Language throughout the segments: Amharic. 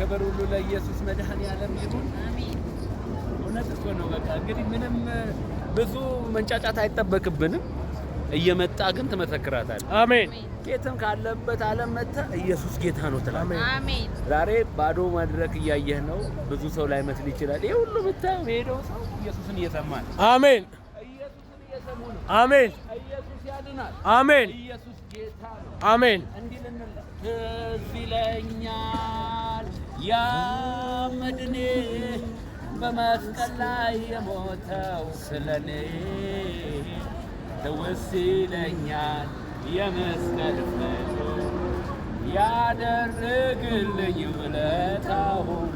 ክብር ሁሉ ለኢየሱስ መድኃኔ ዓለም ይሁን። እውነት እኮ ነው። በቃ እንግዲህ ምንም ብዙ መንጫጫት አይጠበቅብንም። እየመጣ ግን ትመሰክራታል። አሜን። ጌትም ካለበት ዓለም መጥተህ ኢየሱስ ጌታ ነው ትላለህ። አሜን። ዛሬ ባዶ መድረክ እያየህ ነው። ብዙ ሰው ላይ መስል ይችላል። ይሄ ሁሉ ብታየው የሄደው ሰው ኢየሱስን እየሰማ ነው። አሜን። ኢየሱስን እየሰሙ ነው። አሜን። ኢየሱስ ያድናል። አሜን። ኢየሱስ ጌታ ነው። አሜን። እንዲህ ልንል እዚህ ያ በመስቀል ላይ የሞተው ስለኔ ትውስ ይለኛል የመስቀል ፈቶ ያደረግልኝ ውለታ ሁሉ።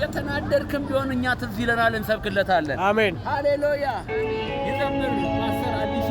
የተናደድክም ቢሆን እኛ ትዝ ይለናል፣ እንሰብክለታለን። አሜን፣ ሃሌሉያ። ይዘምር ማሰር አዲሱ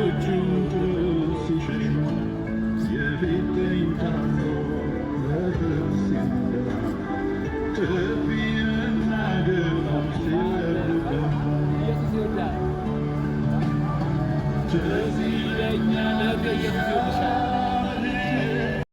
ስለዚህ ለእኛ ነገ